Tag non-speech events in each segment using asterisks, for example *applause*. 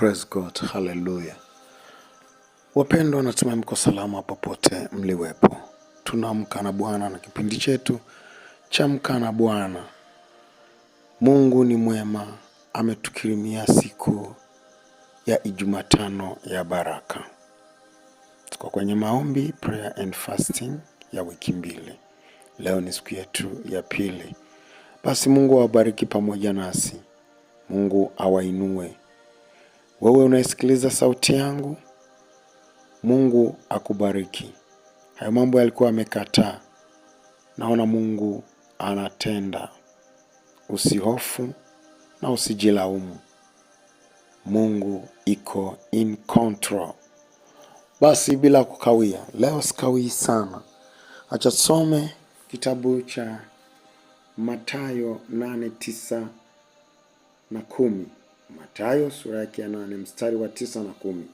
Praise God, haleluya. Wapendwa, natumai mko salama popote mliwepo. Tunaamka na Bwana na kipindi chetu cha Amka na Bwana. Mungu ni mwema, ametukirimia siku ya Ijumatano ya baraka. Tuko kwenye maombi, prayer and fasting ya wiki mbili. Leo ni siku yetu ya pili. Basi Mungu awabariki pamoja nasi, Mungu awainue wewe unaisikiliza sauti yangu. Mungu akubariki. Hayo mambo yalikuwa yamekataa, naona Mungu anatenda. Usihofu na usijilaumu. Mungu iko in control. Basi bila kukawia, leo sikawii sana, acha tusome kitabu cha Mathayo nane tisa na kumi. Matayo sura yake ya nane mstari wa tisa na kumi.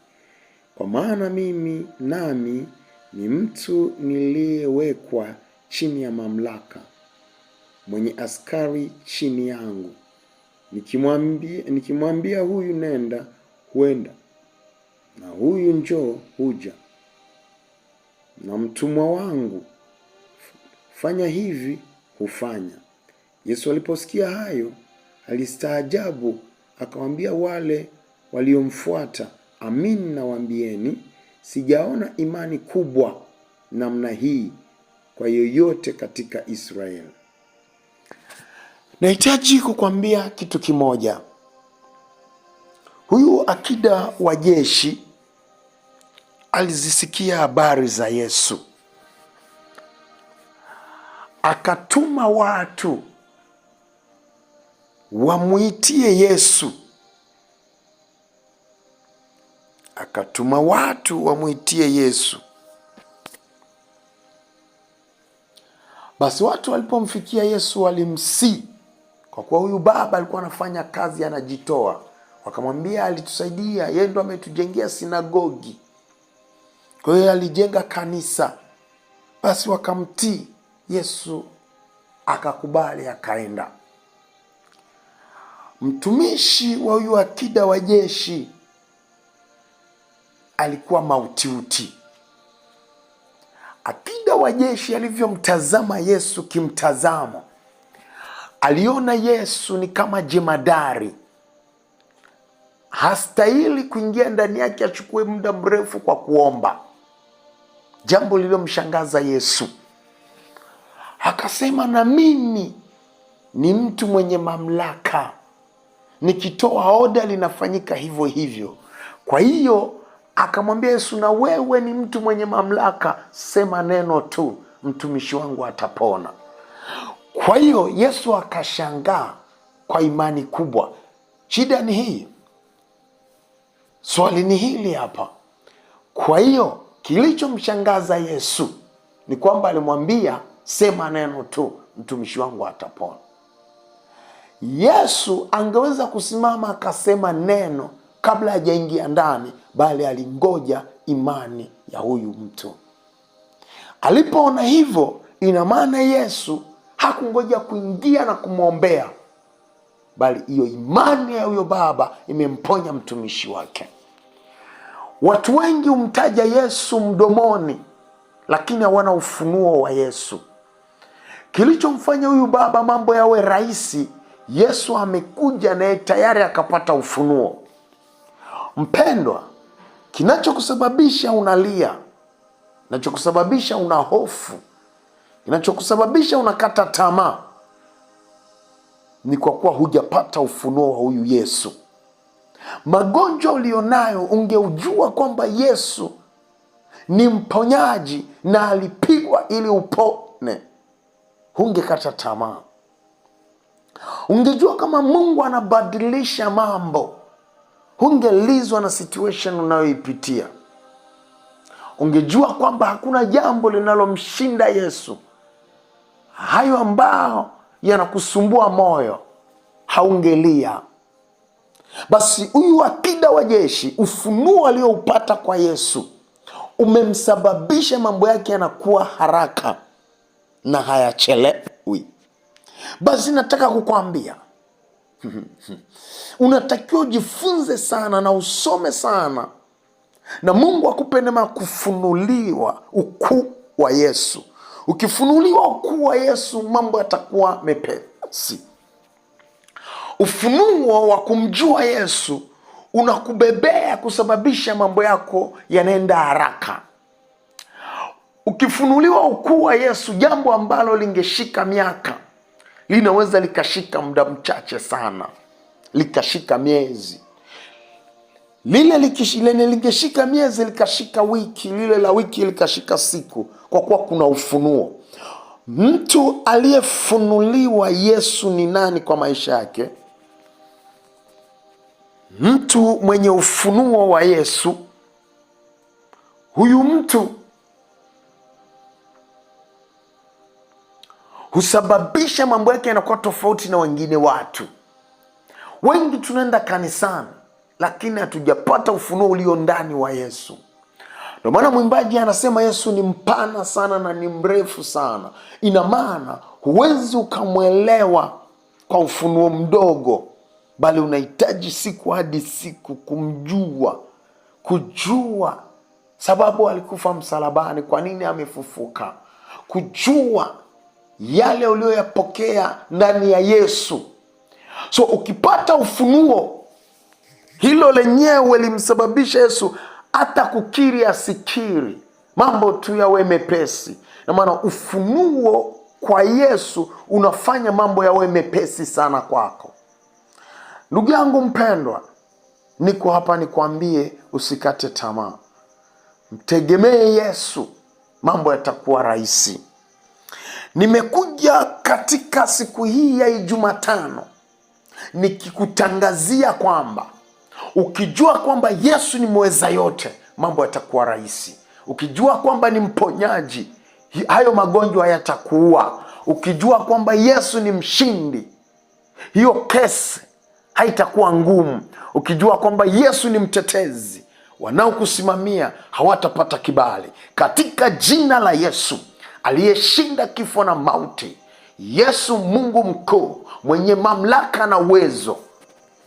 Kwa maana mimi nami ni mtu niliyewekwa chini ya mamlaka, mwenye askari chini yangu, nikimwambia nikimwambia huyu nenda, huenda, na huyu njoo, huja, na mtumwa wangu fanya hivi, hufanya. Yesu aliposikia hayo alistaajabu akawaambia wale waliomfuata, amin nawaambieni, sijaona imani kubwa namna hii kwa yoyote katika Israeli. Nahitaji kukwambia kitu kimoja. Huyu akida wa jeshi alizisikia habari za Yesu, akatuma watu wamwitie Yesu. Akatuma watu wamwitie Yesu. Basi watu walipomfikia Yesu walimsi kwa kuwa huyu baba alikuwa anafanya kazi, anajitoa. Wakamwambia, alitusaidia, yeye ndo ametujengea sinagogi, kwa hiyo alijenga kanisa. Basi wakamtii Yesu, akakubali, akaenda mtumishi wa huyu akida wa jeshi alikuwa mautiuti. Akida wa jeshi alivyomtazama Yesu kimtazamo, aliona Yesu ni kama jemadari, hastahili kuingia ndani yake achukue muda mrefu kwa kuomba, jambo lililomshangaza Yesu. Akasema, na mimi ni mtu mwenye mamlaka nikitoa oda linafanyika hivyo hivyo. Kwa hiyo akamwambia Yesu, na wewe ni mtu mwenye mamlaka, sema neno tu, mtumishi wangu atapona. Kwa hiyo Yesu akashangaa kwa imani kubwa. Shida ni hii, swali ni hili hapa. Kwa hiyo kilichomshangaza Yesu ni kwamba alimwambia, sema neno tu, mtumishi wangu atapona. Yesu angeweza kusimama akasema neno kabla hajaingia ndani, bali alingoja imani ya huyu mtu. Alipoona hivyo, ina maana Yesu hakungoja kuingia na kumwombea, bali hiyo imani ya huyo baba imemponya mtumishi wake. Watu wengi humtaja Yesu mdomoni, lakini hawana ufunuo wa Yesu. Kilichomfanya huyu baba mambo yawe rahisi Yesu amekuja naye tayari akapata ufunuo. Mpendwa, kinachokusababisha unalia, kinachokusababisha una hofu, kinachokusababisha unakata tamaa ni kwa kuwa hujapata ufunuo wa huyu Yesu. Magonjwa ulionayo ungeujua kwamba Yesu ni mponyaji na alipigwa ili upone, hungekata tamaa. Ungejua kama Mungu anabadilisha mambo, hungelizwa na situation unayoipitia. Ungejua kwamba hakuna jambo linalomshinda Yesu. Hayo ambayo yanakusumbua moyo haungelia. Basi huyu akida wa jeshi, ufunuo alioupata kwa Yesu umemsababisha mambo yake yanakuwa haraka na hayachelewi. Basi nataka kukwambia *laughs* unatakiwa ujifunze sana na usome sana, na Mungu akupe neema ya kufunuliwa ukuu wa Yesu. Ukifunuliwa ukuu wa Yesu, mambo yatakuwa mepesi. Ufunuo wa kumjua Yesu unakubebea kusababisha mambo yako yanaenda haraka. Ukifunuliwa ukuu wa Yesu, jambo ambalo lingeshika miaka linaweza likashika muda mchache sana, likashika miezi. Lile lenye lingeshika miezi likashika wiki, lile la wiki likashika siku, kwa kuwa kuna ufunuo. Mtu aliyefunuliwa Yesu ni nani kwa maisha yake? Mtu mwenye ufunuo wa Yesu, huyu mtu husababisha mambo yake yanakuwa tofauti na wengine watu. Wengi tunaenda kanisani, lakini hatujapata ufunuo ulio ndani wa Yesu. Ndio maana mwimbaji anasema Yesu ni mpana sana na ni mrefu sana. Ina maana huwezi ukamwelewa kwa ufunuo mdogo, bali unahitaji siku hadi siku kumjua, kujua sababu alikufa msalabani, kwa nini amefufuka, kujua yale uliyoyapokea ndani ya Yesu. So ukipata ufunuo, hilo lenyewe limsababisha Yesu hata kukiri asikiri, mambo tu yawe mepesi. Na maana ufunuo kwa Yesu unafanya mambo yawe mepesi sana kwako. Ndugu yangu mpendwa, niko hapa nikwambie, usikate tamaa, mtegemee Yesu, mambo yatakuwa rahisi. Nimekuja katika siku hii ya Jumatano nikikutangazia kwamba ukijua kwamba Yesu ni mweza yote, mambo yatakuwa rahisi. Ukijua kwamba ni mponyaji, hayo magonjwa yatakuua. Ukijua kwamba Yesu ni mshindi, hiyo kesi haitakuwa ngumu. Ukijua kwamba Yesu ni mtetezi, wanaokusimamia hawatapata kibali katika jina la Yesu aliyeshinda kifo na mauti, Yesu Mungu mkuu mwenye mamlaka na uwezo,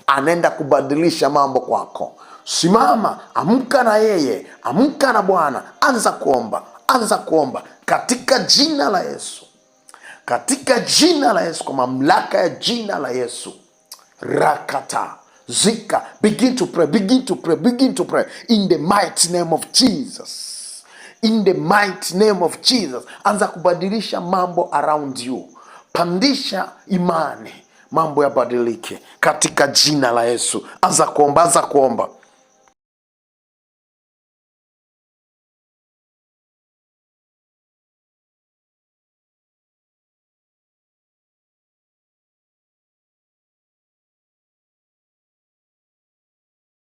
anaenda kubadilisha mambo kwako. Simama, amka na yeye, amka na Bwana, anza kuomba, anza kuomba katika jina la Yesu, katika jina la Yesu, kwa mamlaka ya jina la Yesu. rakata zika begin to pray, begin to pray, begin to pray in the mighty name of Jesus in the mighty name of Jesus. Anza kubadilisha mambo around you, pandisha imani, mambo yabadilike katika jina la Yesu. Anza kuomba, anza kuomba.